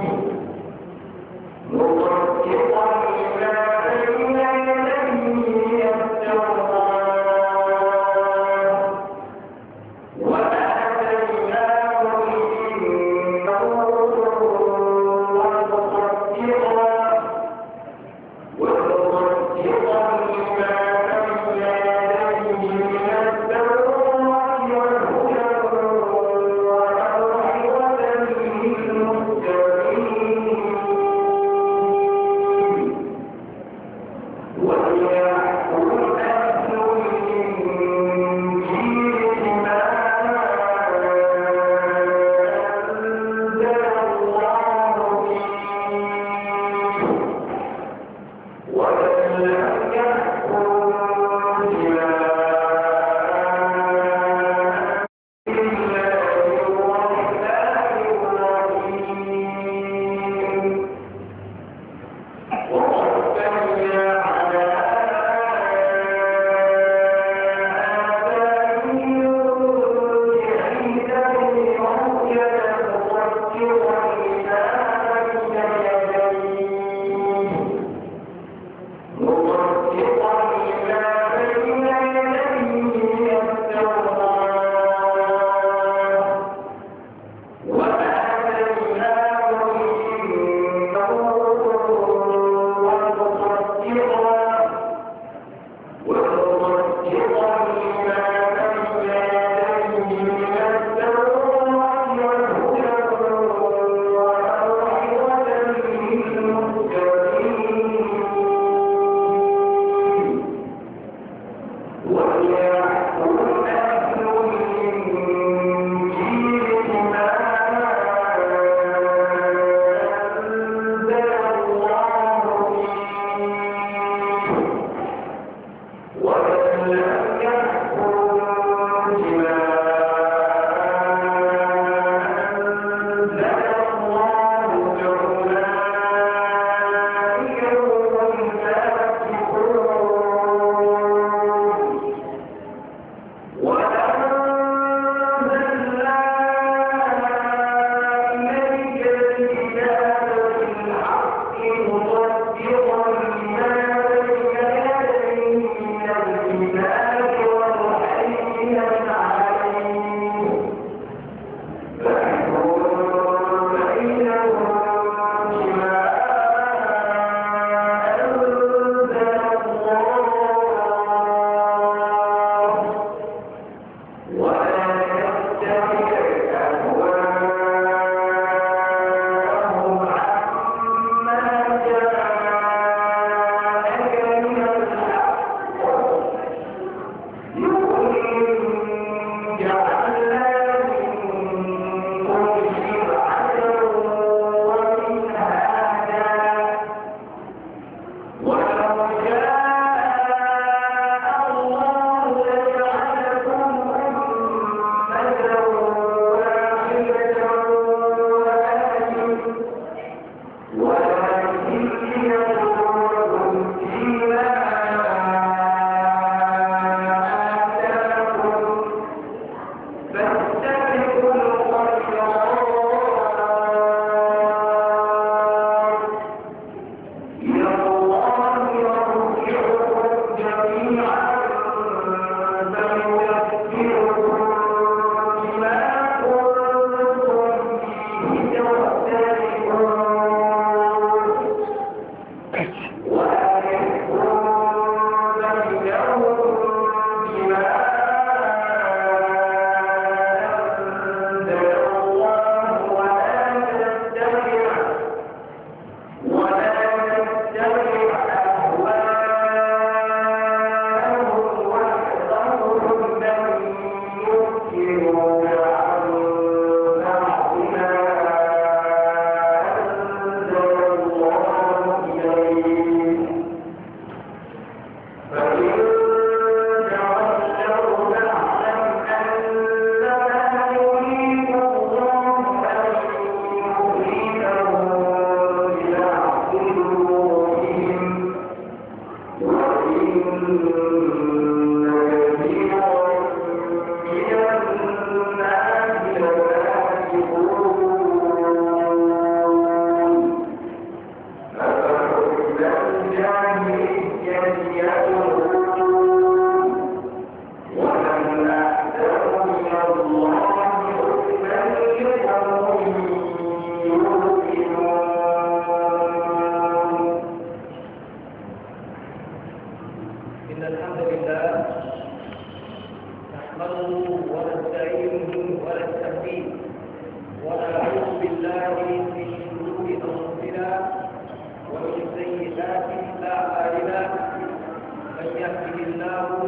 ọ̀rọ̀ يهده الله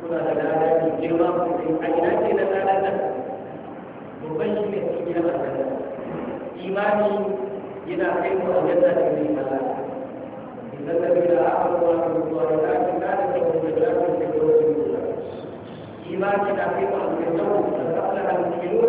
kuna da lada mai girma a ina ce na lada nan babban shi ne gina imani yana kai mu ne mai idan da bila kuma da mutuwa da na da da da da imani na kai mu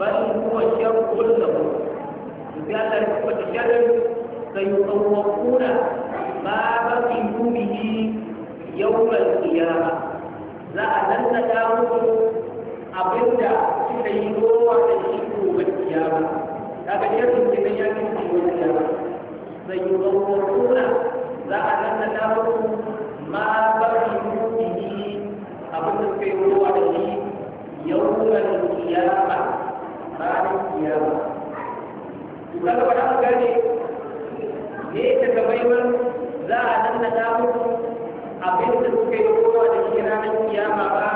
بل هو شر له وبأن الكفة شر سيطوقون ما بقيوا به يوم القيامة لا أنت تامر أبدا سيدوا وتشكوا القيامة هذا شر من يوم القيامة سيطوقون لا أنت تامر ما بقيوا به أبدا سيدوا وتشكوا يوم القيامة ranar kiyama to kaga ba za mu gane me ta kamaiwar za a nannata musu abin da suka yi kowa da shi ranar kiyama ba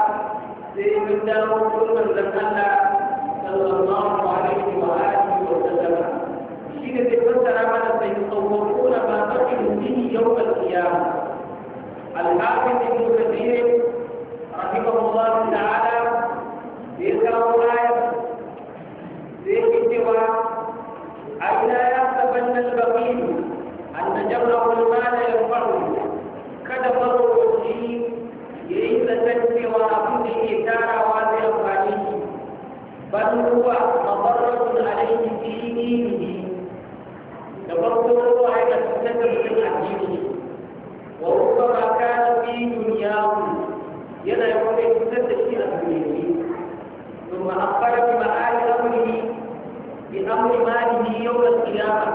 sai mun dawo kun manzon Allah sallallahu alaihi wa alihi wa sallam shi ne zai fassara mana sai tsawwakuna ba fakiru bihi yawmal qiyama al-hafiz ibn kathir rahimahullah ta'ala ذكر ما cewa a ina ya saban nan bakilu an da jamlahu almala ya faru kada marowaci ya yi zaton cewa abin da yake tarawa zai amfani shi bal huwa mabarratun alaihi fi dinihi da farko ruwa ya kasance da mutum addini wa rubbama kana fi dunyahu yana yawan da fitar shi a duniya ثم أخبر بمآل أمره بأمر ماله يوم القيامة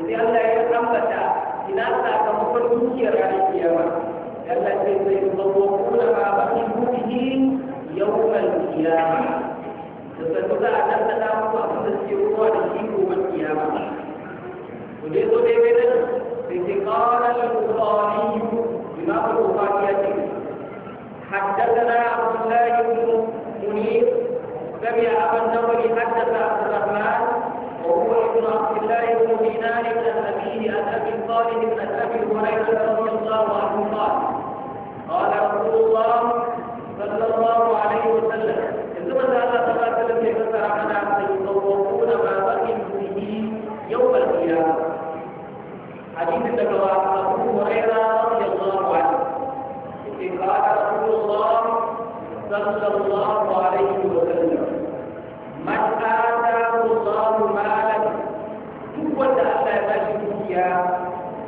وزي الله يتنبت إلى ساكمك الدنيا على القيامة التي سيطوقون ما بقيه به يوم القيامة تستطيع أن تتعامل أن تسيروا عليه يوم القيامة وجدت ذو لذلك قال البخاري إمام البخاري حدثنا عبد الله بن منير سمع أبا النضر حدث عبد الرحمن وهو ابن عبد الله بن دينار بن أبيه عن أبي صالح بن أبي هريرة رضي الله عنه قال قال رسول الله صلى الله عليه وسلم ثم قال صلى الله عليه وسلم يفسر عبد فيطوقون ما بقي به يوم القيامة حديث ذكر أبو هريرة رضي الله عنه قال رسول الله صلى الله عليه وسلم man atahu Allahu malan duk Allah ya bashi sai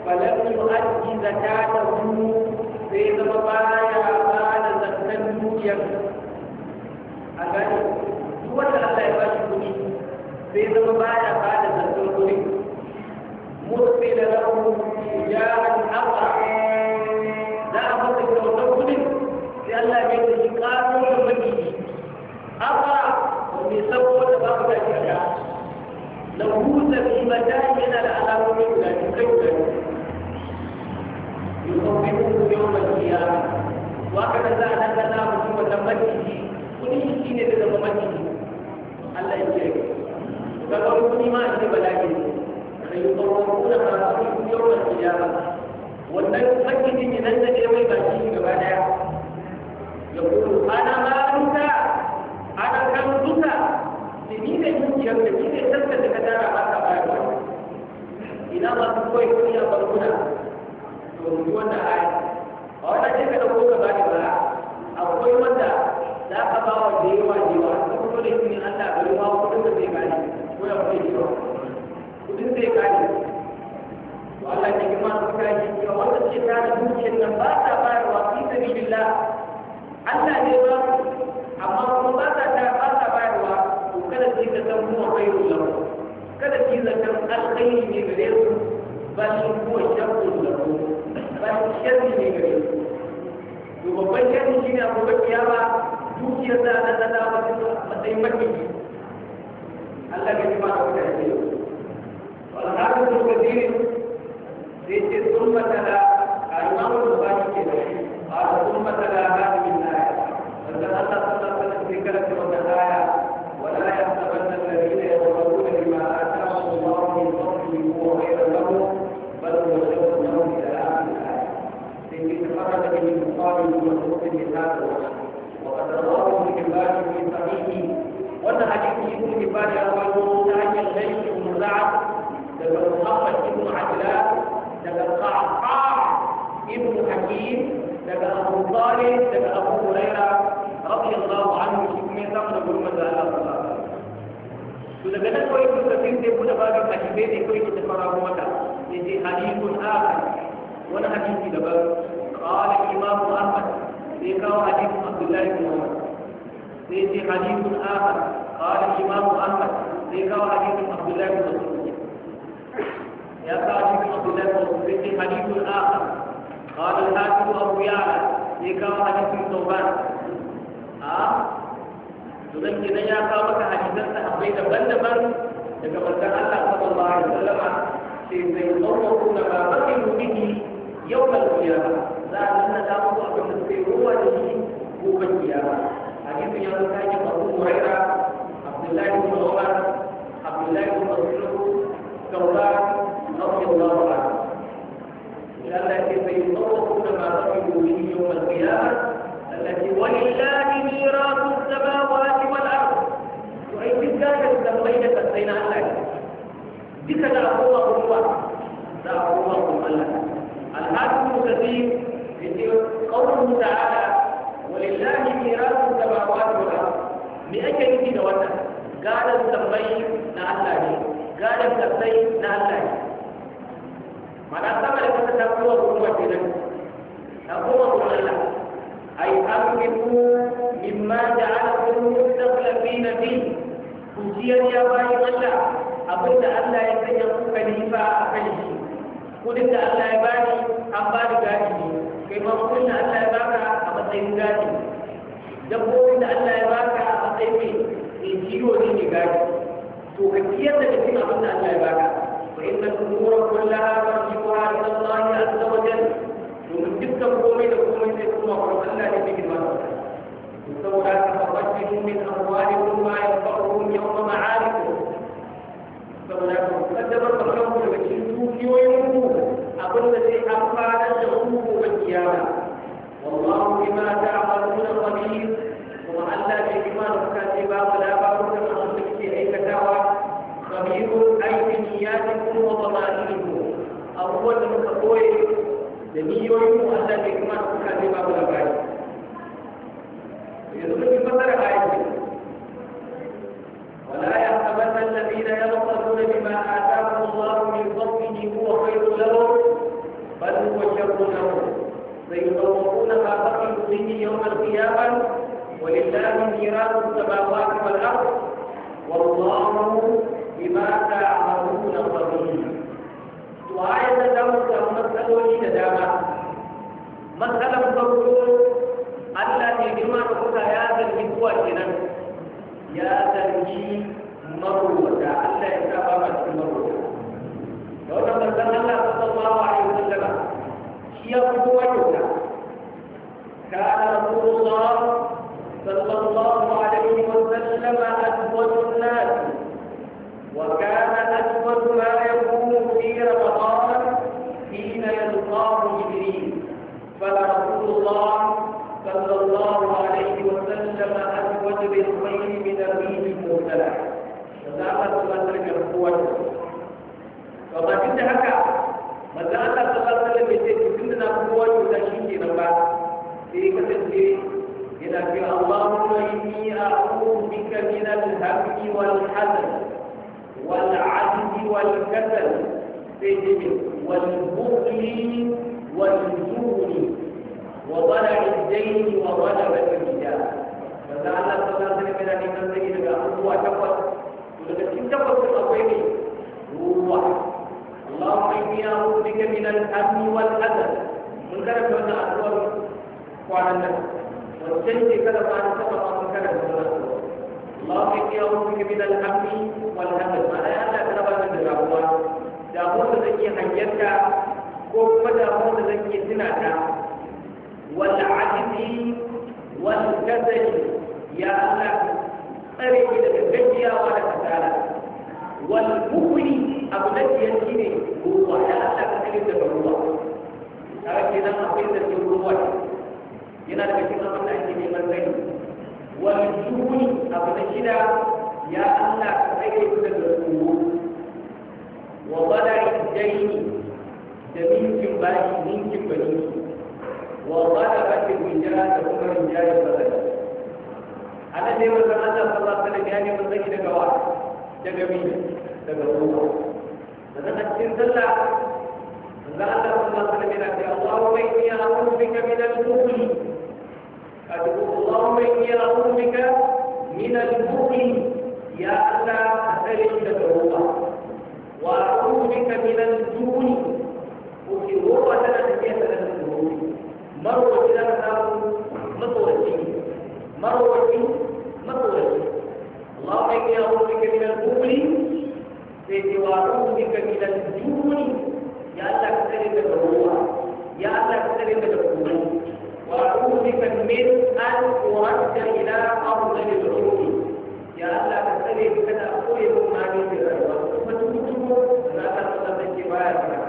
ba da zakatan dukiyar a gani duk wanda ya ba da zakatan a sai Allah ba tamimatan yana da alamomi guda biyu kai guda biyu yuqawwimuhu yawm al-qiyamah wa kana za a dangana mutum da maciji kuni shi ne da zama maciji Allah ya ce kaga kuni ma shi bala'i sai yuqawwimuna ma'asihum yawm al-qiyamah wannan macijin ne nan da ke mai baki gaba daya yaqulu ana ma'aruka ana kan duka dalilin dukiyar da shi ne tattata ka tara ba ta bayarwa ina masu kawai kuɗi a barkuna to rubi wannan aya a wannan ce ka dauko ka bani ba akwai wanda za ka ba wa da yawa da yawa ta kuma da shi ne Allah bari ma kuɗin da zai gane ko ya kuɗi yawa kuɗin zai gane to Allah ne kuma su kaji cewa wanda ce tara dukiyar nan ba ta bayarwa fi sabilillah Allah ne ba su yi zaton alkhairi ne gare su ba shi kuwa shakku da ku ba shi sharri ne gare su to babban sharri shi ne a gobe ba dukiyar da ana zata a matsayin makiki Allah ya ji ma da wuta ya ce والحافظ الكثير ليس ثم تلا الإمام البخاري كده قال ثم تلا هذه الآية فإذا أتى صلاة الذكر في الآية ولا يقول هو له بل هو الى اخر الايه لكي تفرد به مقابل مسروق بهذا الوجه وقد رواه ابن حبان في صحيحه وان حديث ابن حبان رواه تاج الغيث بن سعد لقد محمد بن عجلان لقد قعقاع ابن حكيم لقد ابو طالب لقد ابو هريره رضي الله عنه شكمه تقرب المساله الله to daga nan kawai kun ka sai buɗe babin hadisai ne kawai kita fara mata ya ce hadisun akhar wani hadisi daban qala imam ahmad sai kawo hadisin abdullahi bin umar sai ce hadisun akhar qala imam ahmad sai kawo hadisin abdullahi bin mas'ud ya kawo hadisin abdullahi bin mas'ud sai ce hadisun akhar qala al-hakim abu ya'la sai kawo hadisin tawban a to zan kenan ya kawo maka hadisan sahabbai daban-daban daga manzon Allah sallallahu alaihi wasallam sai zai tsawo kuma ba bakin bihi yau da kiyama za a nuna ta muku abin da sai ruwa da shi gobe kiyama hadisin ya zo because ولله ميراث السماوات والأرض والله بما تعملون خبير وآية تدور مسألة تدامى مسألة تقول التي بما تقول يا ذا الهدوة جنان يا ذا الهي مروة ألا يتابع المروة لو لم تزل صلى الله عليه وسلم هي قوتك كان رسول الله صلى الله عليه وسلم أسود الناس وكان أسود ما يكون في رمضان حين يلقاه جبريل فرسول الله صلى الله عليه وسلم أسود بالخير من الريح المبتلى وذاقت مدرك القوة فما كنت هكا ماذا الله صلى الله قوة وتشيكي نبات في كتب إذا في اللهم إني أعوذ بك من الهم والحزن والعجز والكسل والبخل والجبن وضلع الدين وضلع الرجال فسأل الله صلى الله عليه وسلم أن ينزل إلى هو تفت ولكن تفت الأطيب هو اللهم إني أعوذ بك من الهم والحزن من كان كنا أدوار وعلى النفس mutum ke kada ba ta taba ba ta kada ba Allah ke kiyar mu ke bidal hammi wal hamd ala ya ta kada ba ta da rabuwa da mu da zake hanyarka ko kuma da mu da zake tuna ta wal ajibi wal kadai ya Allah tsare ki daga gajiya wa da kasala wal bukuri abu da yanki ne ruwa ya Allah ka kalli da ruwa ta ke nan akwai da ke ruwa ne yana daga cikin abin da ake neman sani wani shuhuni abu na shida ya Allah ka tsare su daga tsoro wa badari daini da minkin bashi minkin bani wa badara ta gunjara da kuma rinjaya bazari ana ne wanda Allah sallallahu alaihi wasallam ya ne mun sani daga wa daga mi daga tsoro sannan a cikin sallah Allah sallallahu alaihi wasallam yana cewa Allahumma inni a'udhu bika min al-bukhli اللهم إني أعوذ بك من البخل يا الله أسألك العقوبة وأعوذ بك من الجون وفي غرة تنتهي ثلاث شهور مرة لا تساوي مطوتي مروة مطوتي اللهم إني أعوذ بك من البخل سيدي وأعوذ بك من الجون يا الله أسألك العقوبة يا الله أسألك العقوبة وأوقفت من أن أرد إلى أرض العلوم يا الله تستني كذا أقول ما لي في فتكتب لا تقصد كفايتك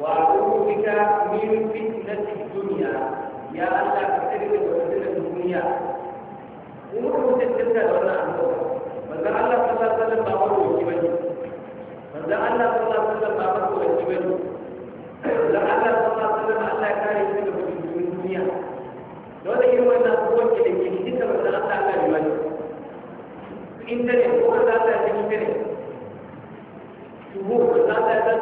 وأعوذ بك من فتنة الدنيا يا الله تستني وفتنة الدنيا umur mutum din da wannan annabi manzon Allah sallallahu alaihi wasallam ba wani wani bane manzon Allah sallallahu alaihi wasallam ba wani wani bane manzon Allah sallallahu alaihi wasallam Allah ya kare shi daga mutum duniya dole irin wannan abubuwan ke da ke cikin da wanda an tsaka ne wani internet ko wanda an tsaka internet tuhu wanda an tsaka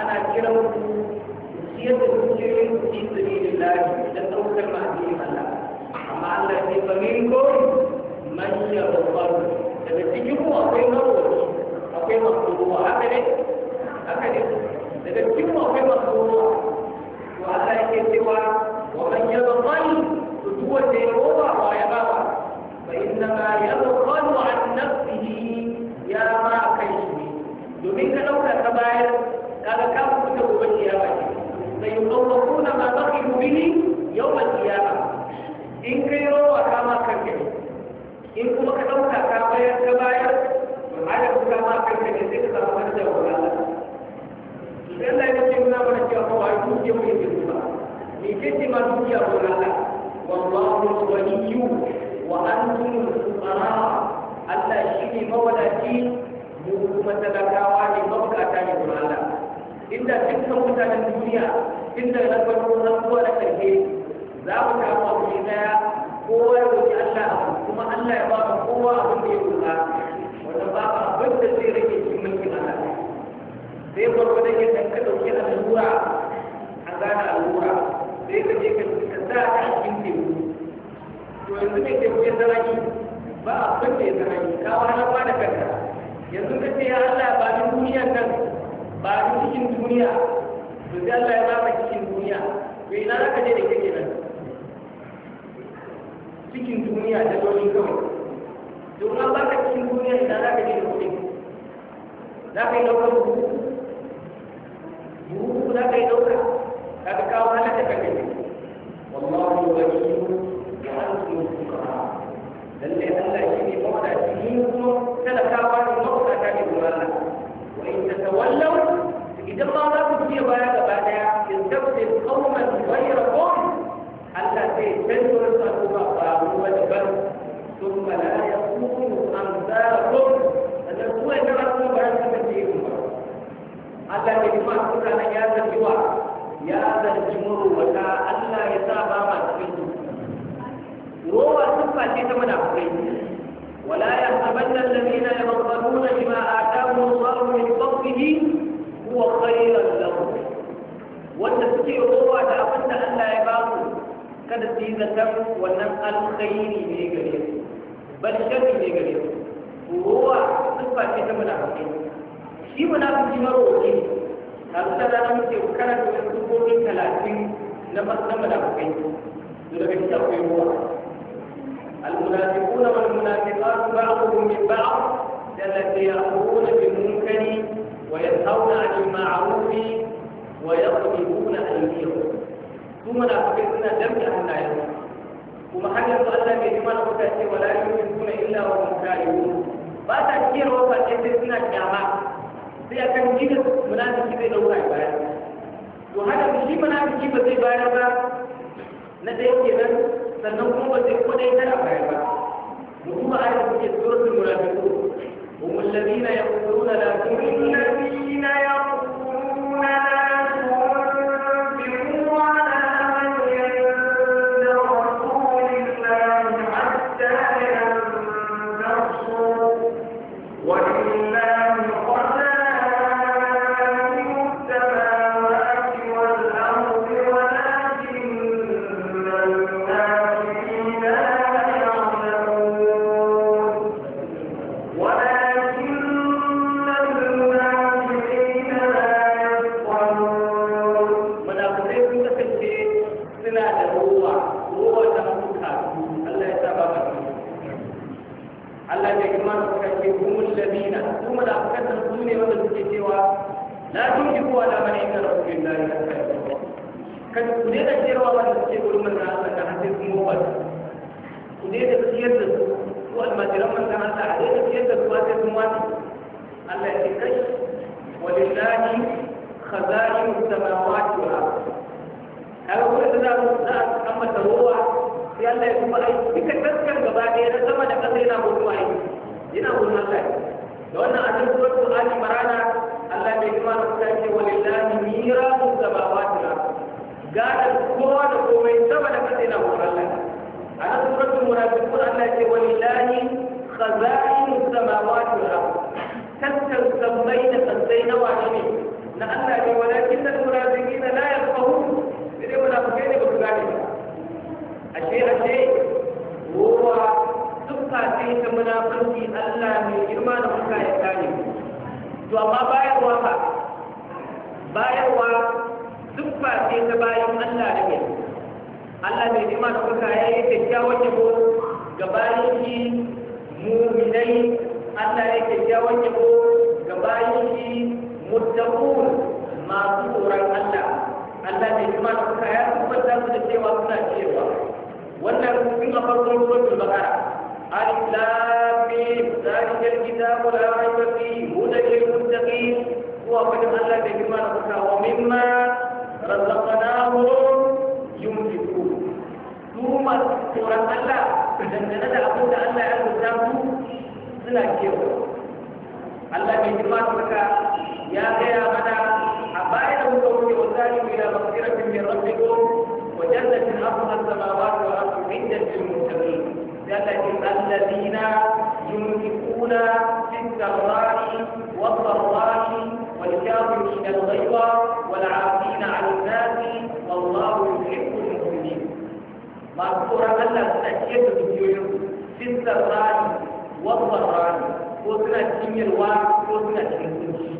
ana kiran ku siyar da dukiyoyin ku fi sabilin lahi da saukar ma'adinin Allah amma Allah ya ce fa minkum man yarbar daga cikin ku akwai marwaci akwai masu ruwa haka ne haka ne daga cikin ku akwai masu ألف لام ميم ذلك الكتاب لا ريب فيه هدى للمتقين وقد أهلك بما نفسه ومما رزقناهم ينفقون ثم سورة الله dangane da abin da Allah ya rubuta su suna kewa Allah mai girma suka ya gaya mana a baya da muka wuce wa zalimu ila maghfiratin min rabbikum wa jannatin arduha as-samawati wal ardu 'inda lil جل الذين ينفقون في السراء والضراء والكافرين الغيظ والعافين عن الناس والله يحب المؤمنين مذكورا ألا تأكيد الجيوش في السراء والضراء وسنة كميروا وسنة كميروا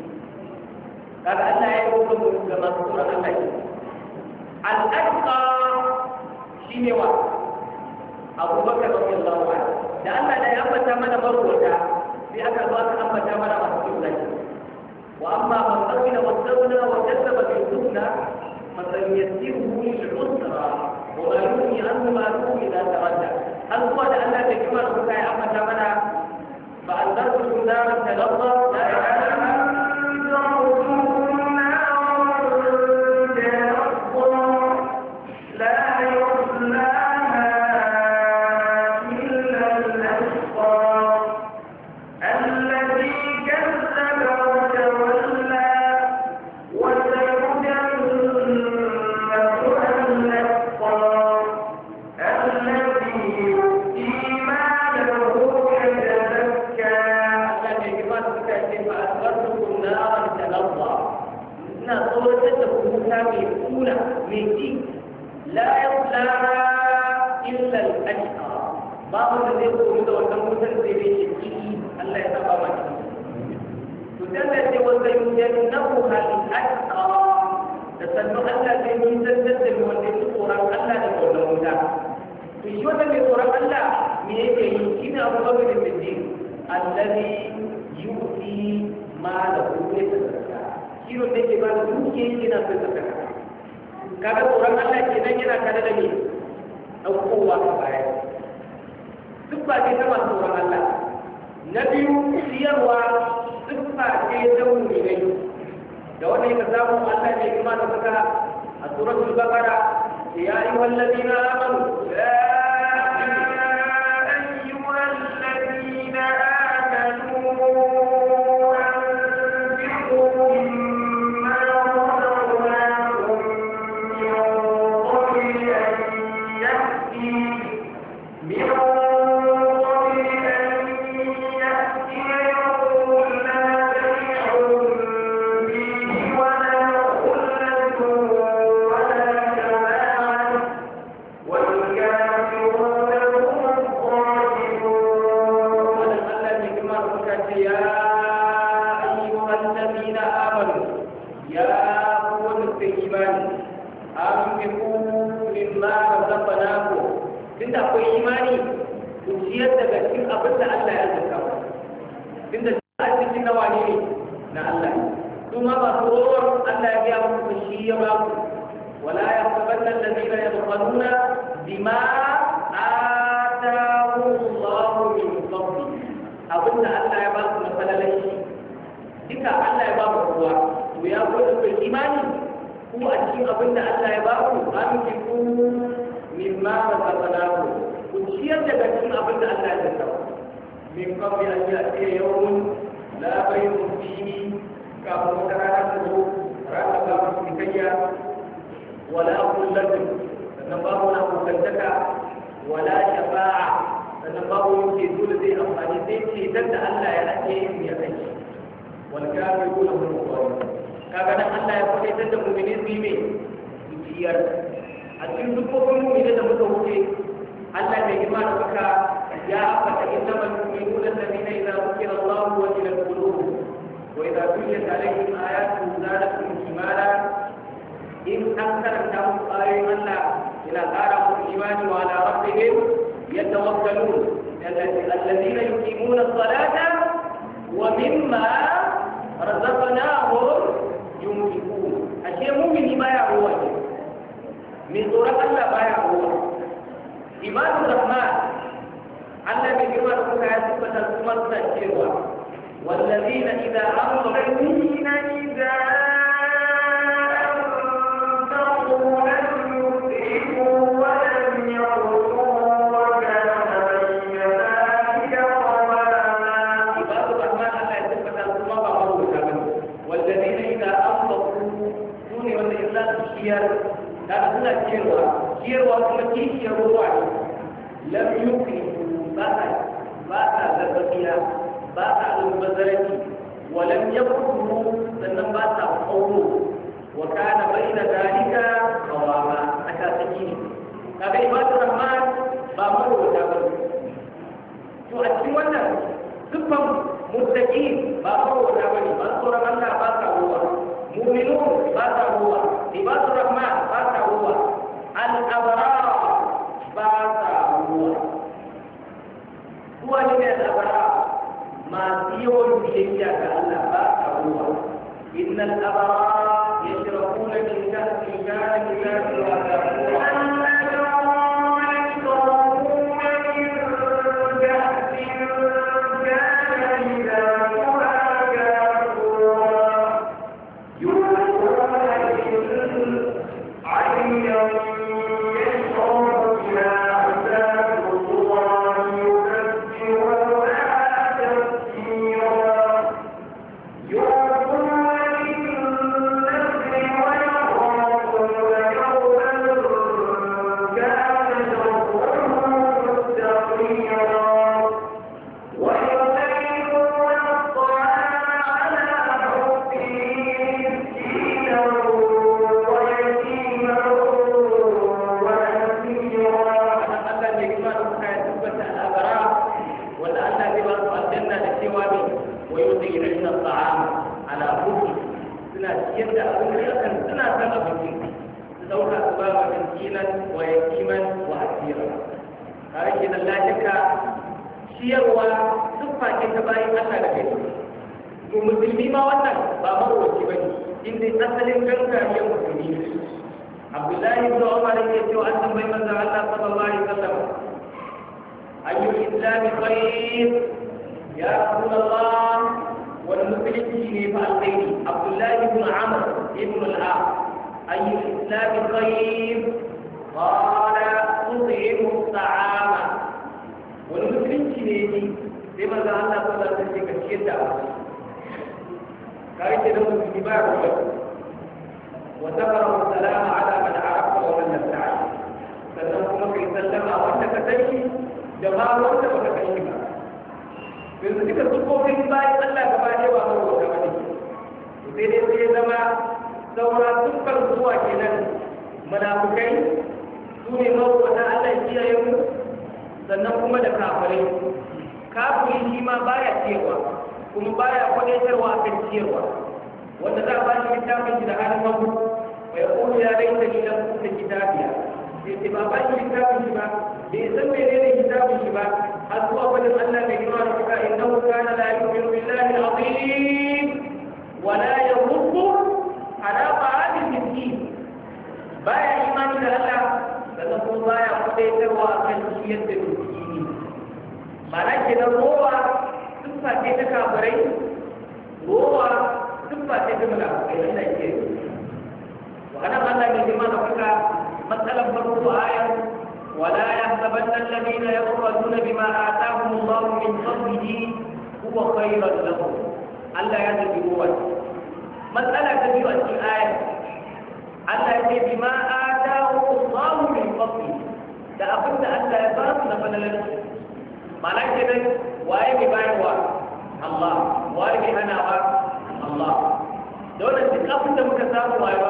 قال ألا يحب مذكورا ألا يحب الأتقى abu bakar rabu yallahu da Allah da ya ambata mana marwata sai aka ba aka ambata mana masu jumla wa amma man qawila wa dawla wa kazzaba bil husna fa sayasiruhu lil usra wa la yuni anhu ma nuhi la tawadda an kuwa da Allah da kimar kuka ya ambata mana ba fa anzartu naran talazza la ta'ala أكبرتكم نارا تلظى إن صورتكم موسى ميقولة ميتي لا يطلعها إلا الأشقى بعض الذي يقول إذا وتموتا سيري شكيه الله يتقى تدلت وسيجنبها الأشقى تسنو ألا تنين تسلسل والذي قرآن ألا تقول له في شوة من قرآن ألا يمكن إن أبو بكر الدين الذي yuti malahu bai sadaka kiro da ke ba da dukiyar yana bai sadaka kaga tsoron Allah ke nan yana kada da me ɗaukowa a baya duk ba ke zama tsoron Allah na biyu siyarwa duk ba ke zaune ne da wannan ka samu Allah ne kuma da saka a suratul baqara ya ayyuhallazina amanu abin da Allah ya ba su na falalashi duka Allah ya ba ku kowa to ya gwada ku imani ku a cikin abin da Allah ya ba ku amince ku mimma razaqnakum ku ciyar daga cikin abin da Allah ya tsara min qabli an ya'tiya yawmun la bay'un fihi kafin wata rana ta zo rana ba ku cikayya wala kullatin sannan babu na kusantaka wala shafa'a sannan babu yin dole zai amfani sai ce da Allah ya ake yin ya kai wal kafiru la hum kaga dan Allah ya faɗi da mu'mini su yi mai biyar a cikin duk kofin mu'mini da muka wuce Allah mai girma da suka ya faɗa inna man mu'minuna alladhina idza dhukira Allah wa ila qulubuhum wa idza tuliyat alaihim ayatuhu zadatuhum imana in an karanta musu ayoyin Allah ila qara mu'minina wa ala rabbihim يتوكلون الذين يقيمون الصلاة ومما رزقناهم ينفقون أشياء مؤمن ما يعبدون من سورة الله ما يعبدون إمام الرحمن الله بجمع ركعة سبة ثم تشيرها والذين إذا أمروا الذين إذا أنفقوا باعوا المزارع ولم يكن من الإسلام خير يا رسول الله والمسلمين فألقيني عبد الله بن عمرو بن العاص أي الإسلام خير قال أطعم الطعام والمسلمين لما قال الله صلى الله عليه وسلم كيدا قال كده وذكر السلام على من عرف ومن لم تعرف فانه ممكن يسلم او انك تمشي da ma wanda baka kai ba yanzu duka tsofin bayan Allah gaba ne ba mai wata bane sai dai sai zama saura dukkan zuwa kenan munafukai su ne mawata Allah kiyaye mu sannan kuma da kafirai kafiri shi ma baya cewa kuma baya kwadaitarwa akan ciyarwa wanda za a ba shi littafin shi da halin mabu mai kuma ya laita ni lam kunta kitabiya bai ce ba ba shi hisabin shi ba bai san menene hisabin shi ba har zuwa wajen Allah mai girma da kuka innahu kana la yu'minu billahi al-azim wa la yamuddu ala ma'adil miskin baya imani da Allah sannan kuma baya kudaitarwa akan ciyar da miskini ma'ana kenan rowa siffa ce ta kafirai rowa siffa ce ta mulakai Allah ke wa ana Allah mai girma da kuka مسألة فرق آية ولا يحسبن الذين يفرزون بما آتاهم الله من فضله هو خيرا لهم ألا يتبعون مسألة كبيرة في آية ألا يتبع بما آتاهم الله من فضله da abin da Allah ya ba su na falalar mana kenan waye mai bayarwa Allah waye mai hanawa Allah da wannan duk abin da muka samu waye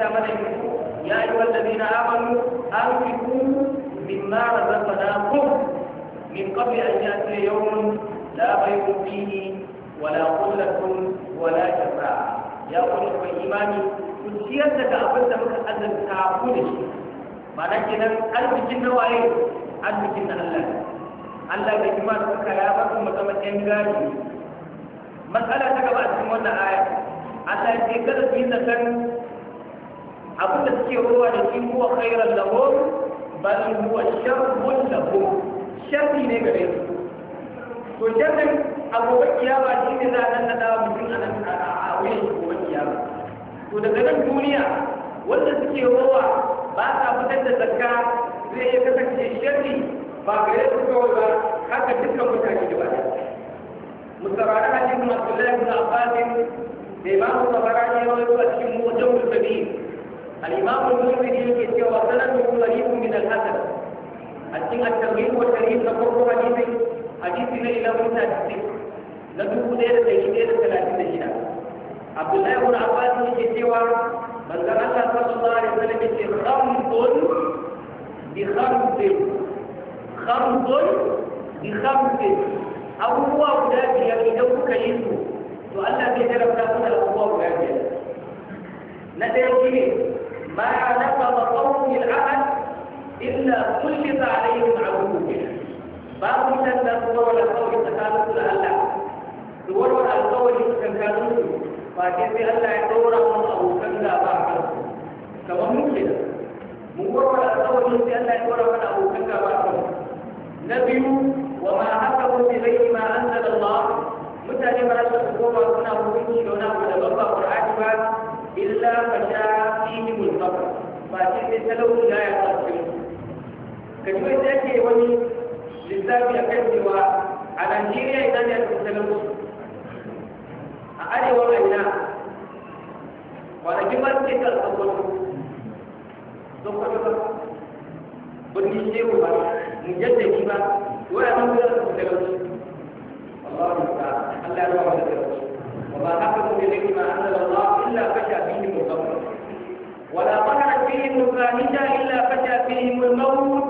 karanta mana yanzu ya yi wallabi na amanu an fi kuma min mara zafa na kuma min kabi an ya ce yawon labai kufihi wala kullatun wala jaza ya kuma kuma imani ku ciyar daga abin da muka azanta ku da shi ma'ana kenan arzikin na waye arzikin na Allah Allah da kuma suka ya ba kuma zama gari gadi matsala ta gaba cikin wannan aya Allah ya ce kada su yi zakan abin da suke ruwa da shi huwa khairan lahum bal huwa sharrun lahum sharri ne gare su to sharrin abubuwa kiyama shi ne za a nan nada mutum a nan a wuyan shi kiyama to daga nan duniya wanda suke ruwa ba sa fitar da zakka zai iya kasance sharri ba gare su kawai ba haka dukkan mutane da ba مسترعنا حديث عبد الله بن عباس الإمام الطبراني cikin أشم وجو الكبير الإمام المنذر يلقي وسنده قريب من الحسن السنة الترغيب والترهيب نقول حديث حديث إلى موسى نقول دير دير ثلاثين دينا عبد الله بن عباس يلقي من قال الله صلى الله عليه وسلم يلقي خمس بخمس خمس بخمس أبوه أولاد يلقي دوك يسوع to Allah zai jarabta ku da abubuwa guda biyar na ɗaya shi ne ما نفض قوم العهد إلا كلف عليهم عدوهم باب تنزل قول القول تكالب لألا دور القول تكالب فاكيد ألا يدور من أبو كلا باحر كما ممكن مقرر القول ألا يدور من أبو كلا باحر نبي وما حكموا بغير ما أنزل الله متى ba za su koma suna hukunci da wani illa ka sha fihi mulkafa ba na ya sarfin ka ji wanda wani lissafi a kan cewa a najeriya idan ya sarfin talauci a arewa mai na kwanakin ba su ke n'i ce ba ki ba wani da su ya ba da فهكذا يدركون أنزل الله إلا فشى فيهم الغمر ولا ظهرت فيهم الفاحشة إلا فشى فيهم الموت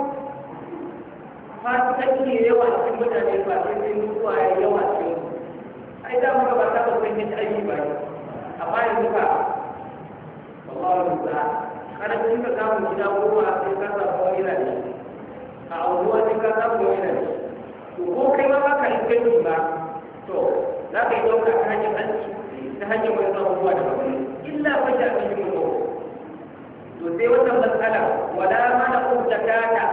fasikanci yawa cikin mutane ba sai sun mutuwa ya yawa cikin ai da muka ba ta babban yin aiki ba ne amma yanzu ka wallahu ta'ala kana cikin ka samu gida goma sai ka samu wani da shi a unguwa sai ba ka kai ba za ka yi ɗauka ta hanyar hanci ta hanyar wani abubuwa da bakwai illa wanda a cikin mutum to sai wannan matsala wala mana ta zakata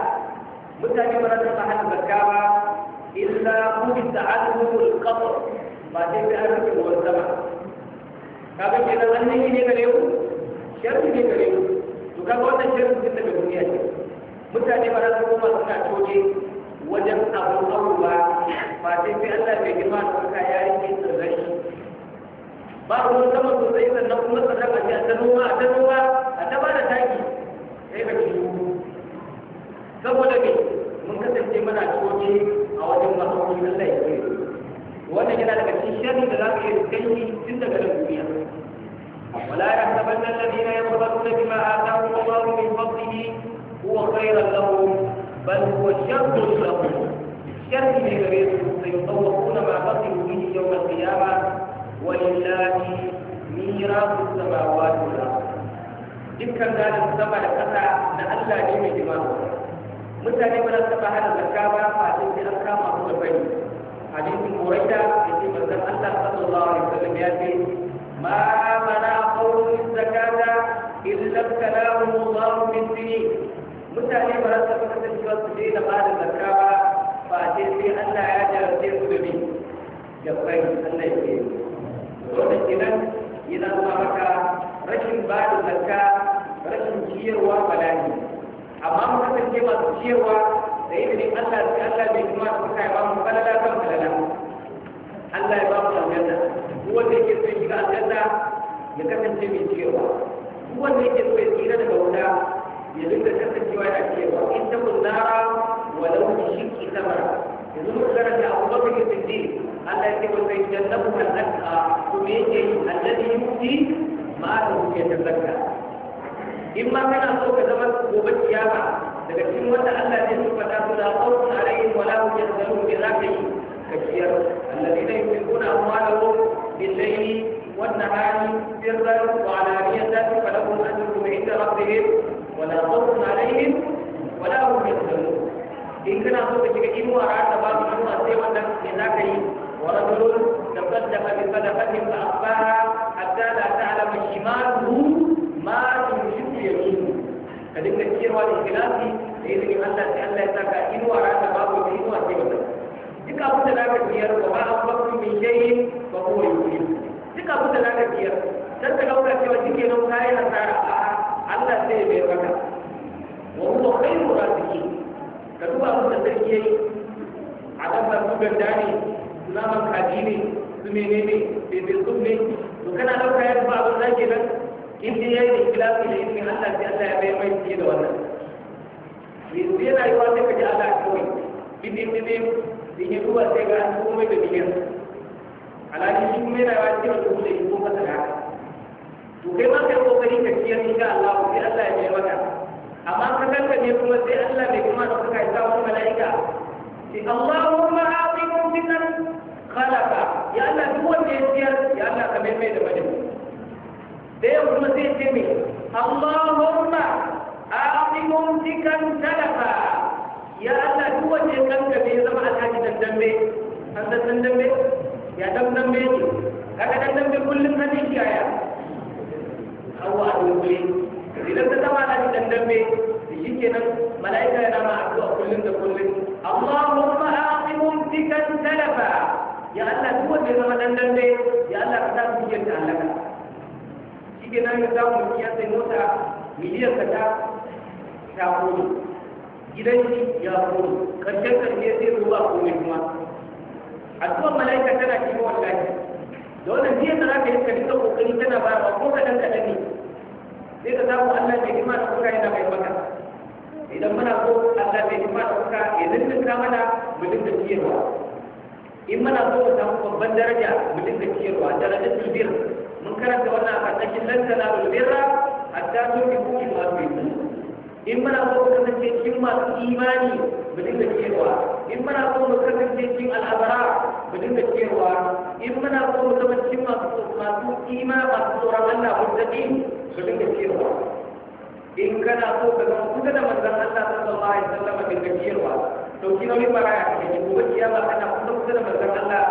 mutane ba za su ba hana zakka ba illa kun da alhumul qasr ba sai da an rufe ruwan sama kaga kenan wannan shi ne gare ku sharri ne gare ku to kaga wannan sharri ne daga duniya ce mutane ba za su koma suna coke wajen abin auruwa ba sai fi Allah mai girma da kuka ya yi ke tsirrai ba ruwan sama sosai sannan kuma sannan a ce a ta noma a ta noma a ta ba da taki sai ka ci saboda me mun kasance mana coci a wajen masauki Allah ya ke wannan yana daga cikin sharri da za ka yi kai tun daga nan duniya ولا يحسبن الذين يبخلون بما آتاهم الله من فضله هو خيرا لهم بل هو شرط شرط شرط لغيره سيطوقون مع بطل به يوم القيامة ولله ميراث السماوات والأرض إن كان ذلك السبع لقد نألا جمع جمعه مثالي من السبع هذا الزكابة فأجل في الأسكام أبو البيت حديث مريدة يجي مثل أنت صلى الله عليه وسلم يأتي ما منع قول الزكاة إلا ابتلاه الله من بالدين mutane ba za su taɓa kasancewa su je da bada zakka ba ba a ce sai Allah ya jarabce su da me da kai Allah ya ce dole kenan yana nuna maka rashin da zakka rashin ciyarwa ba bala'i amma mu kasance masu ciyarwa da izinin Allah sai Allah bai kuma su kai ba mu falala kan falala Allah ya ba mu aljanna duk wanda yake so ya shiga aljanna ya kasance mai ciyarwa duk wanda yake so ya tsira daga wuta يدل كسر جوايا أكيرا إن تكن نارا ولو بشك ثمرة يدل كسر أبو بكر الصديق ألا يكتب فيتجنبها الأتقى سميته الذي يؤتي malam ke tabbata in ma kana so ka zama gobe kiyama daga cikin wanda Allah zai so fata su da qawlun alayhi wa la yahzalun bi rafi ka kiyar alladheena yunfiquna amwalahum bil layli wan nahari sirran wa alaniyatan falahum ajruhum inda rabbihim ولا ضرر عليهم ولا هم يظلمون إن كنا نقول لك إنه أراد بعض الأمور أتي وأنا لذاكري ورجل تقدم بصدقته فأخفاها حتى لا تعلم شماله ما تنشد يمينه هذه كثير والاختلاف لإذن أن الله تعالى يتاكا إنه أراد بعض الأمور أتي وأنا Duk abin da zaka من شيء فهو abu bakun min shayi ba ko yi kuli. Allah zai mai maka wa huwa khairu raziki ka duba abin da sarki a su ganda ne kaji ne su menene bebezun ne to kana ɗauka ya ba abin da nan in dai yayi da ikhlasi da izinin Allah sai Allah ya mai mai fiye da wannan yanzu yana yi wa sai ka Allah kawai bidin bidin da ya duba sai ga komai da biyan alhali shi kuma yana yi kuma to kai ma kai kokari ka ciyar insha Allah sai Allah ya yi maka amma ka kankane kuma sai Allah bai kuma da kuka isa wani mala'ika sai Allahumma a'ti mumtinan khalaqa ya Allah duk wanda ya ciyar ya Allah ka mai mai da madadi sai ya kuma sai ce mai Allahumma a'ti mumtikan talaqa ya Allah duk wanda ya kankane ya zama alhaji dan dambe an san dan dambe ya dan dambe ne kaga dan dambe kullum hadin kiyaya hawa a dunkule idan ta zama na cikin dambe shi ke nan mala'ika yana ma addu'a kullum da kullum Allahumma aqimum dikan talafa ya Allah duk wanda ya zama dan dambe ya Allah ka sa mu ta halaka shi ke nan ya samu ya sai mota miliyan ka ta ta kodo gidan shi ya kodo karshen karshe sai ruwa komai kuma addu'a mala'ika tana cikin wallahi dole jiya da za ka yi ka dinga kokari tana ba ma ko ka kaɗan ne sai ka samu Allah mai himma da kuka yana mai maka idan muna so Allah mai himma da kuka ya lullunta mana mu dinga ciyarwa in muna so mu samu babban daraja mu dinga ciyarwa darajar tulbir mun karanta wannan a ƙarƙashin lantana tulbirra hatta tulbi kuki masu yi in muna so kasance cikin masu imani mu dinga cewa in muna so mu kasance cikin al'abara mu dinga cewa in muna so mu zama cikin masu masu imani masu tsoron Allah mun zaɓi mu dinga cewa in kana so ka zama kusa da manzon Allah sallallahu alaihi wasallam dinga cewa to kina min kana kusa kusa da manzon Allah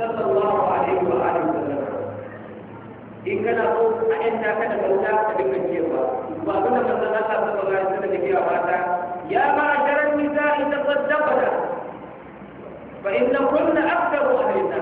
sallallahu alaihi wa wasallam in kana so a yanda da ka dinga cewa masu da manzan Allah sallallahu alaihi wasallam yake wa mata ya ma'asharan nisa'i tasaddaqna fa inna kunna aktharu ahlinna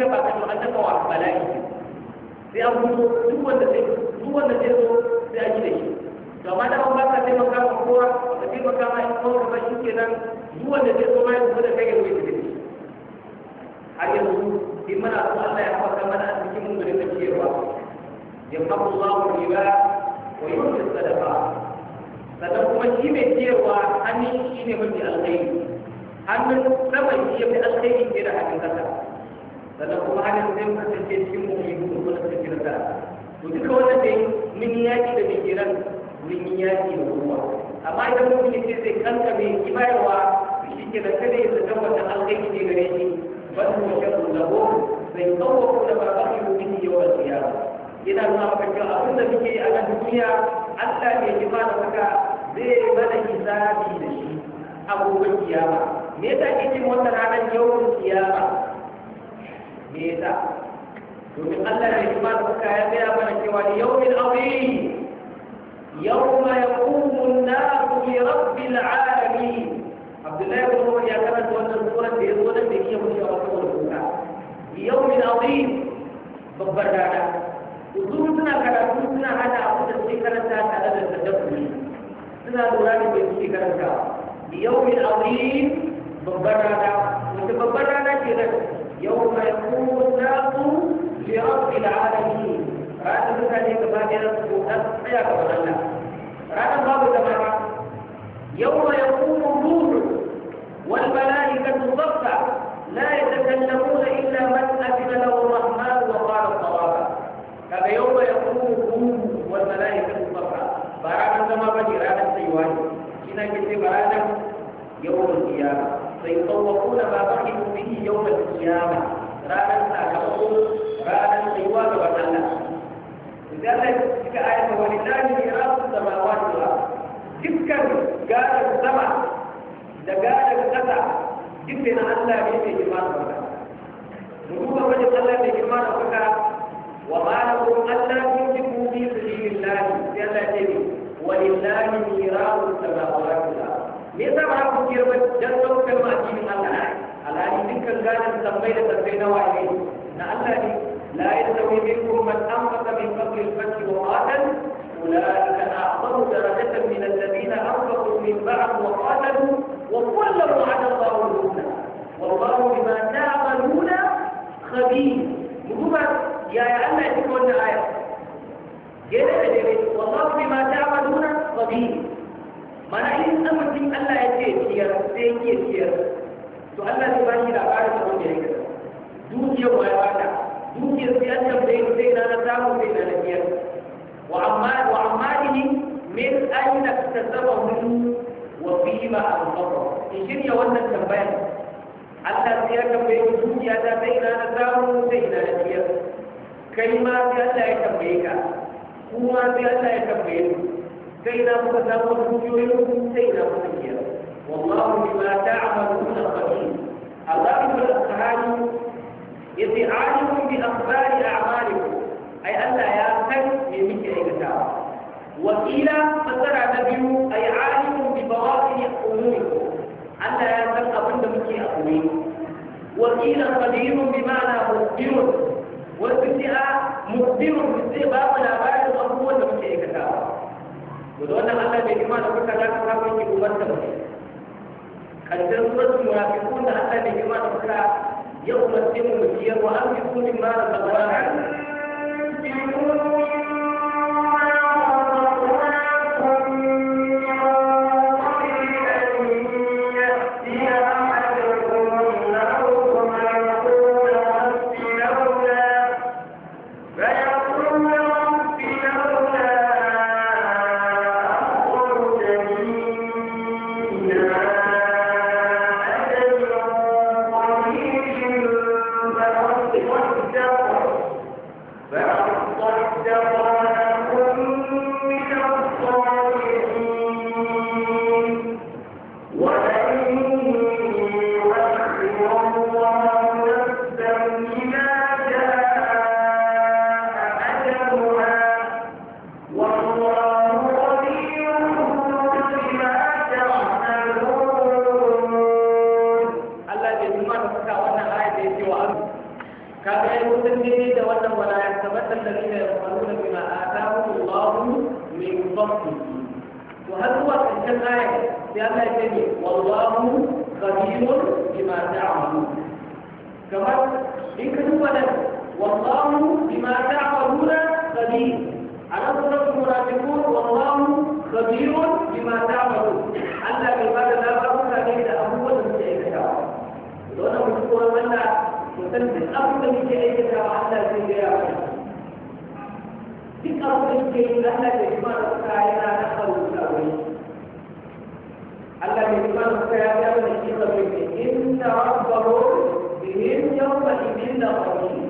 shafa ka to an dafa wa bala'i sai an fito duk wanda zai duk wanda zai zo sai an yi da shi to amma da an baka taimaka ma kowa ka taimaka ma in kawai ba shi kenan duk wanda zai zo ma ya zo da kai ya zo ya tafi har yanzu in muna so Allah ya haɓaka mana a cikin mu da rinka ciyarwa yamhaku Allahu riba wa yunzi sadaqa sannan kuma shi mai ciyarwa hannun shi ne mafi alkhairi hannun sama shi ya fi alkhairi fiye da hannun kasa sannan kuma hannun zai kasance cikin mu'minu da kuma cikin kirta to duka wannan dai mun yi yaƙi da mai mun yi da ruwa. amma idan mu'mini ce zai kanka mai kibayarwa shi ke da kada ya zata wata alƙaƙi ne gare shi ban kuma shan labo zai kawo kuma babban mu'mini yau da siyasa Ina nuna maka cewa abin da muke a nan duniya Allah ne ya fara maka zai mana hisabi da shi a gobe kiyama me yasa kike wannan ranar yawon kiyama me yasa domin Allah ne kuma da suka ya gaya mana cewa da yawmin azim yawma yaqumu an-nasu li rabbil alamin Abdullahi ibn Umar ya karanta wannan قيمة أو مضر إيشين يوانا التنبيل حتى سيرك بيوجود أنا بين أنا دار بين أنا سير كلمة بألا يتنبيك كوما بألا يتنبيك سينا متسامو الوجود سينا متسير والله بما تعملون قدير الله يتي عالم بأخبار أعمالكم أي ألا يأكل من مثل إكتاب وإلى فسر نبيه أي عالم ببواب mu ya san abinda muke a kuri wakila qadirun bi ma'ana mubdirun wasu ji'a mubdirun zai ba mu labarin abubuwan da muke aikata ba da wannan Allah bai kima da kuka za ka kawo ki gobar da mutum kaddar suratul munafiqun da Allah bai kuka yau mutum mu biyar wa an fi kullum ma da sabara ce wa abu kaga ai mutum ne da wannan wala ya tabbata alladhina yaquluna bima atahum Allah min fadlihi to har zuwa karshen aya sai Allah ya ce wallahu khabirun bima ta'malun kamar in ka duba nan wallahu bima ta'maluna khabir a nan sunan munafiqun wallahu khabirun bima ta'malun sannan duk abin da muke aikata wa Allah zai gaya wa duk abin da muke yi Allah da kuma da suka yana na karuta wani Allah da kuma da suka yana da shi ka bai ne inna rabbahu bihim yawma idin la qadir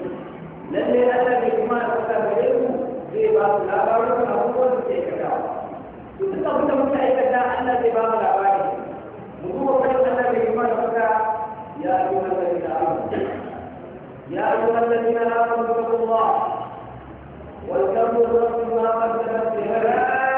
lalle Allah da kuma da suka gare ku zai ba su labarin abubuwan da ke kada duk abin da muke aikata Allah zai ba mu labari mu kuma kai Allah da kuma da suka ya ayyuhal ladina amanu يا أيها الذين آمنوا اتقوا الله واذكروا نفس ما قدمت لغد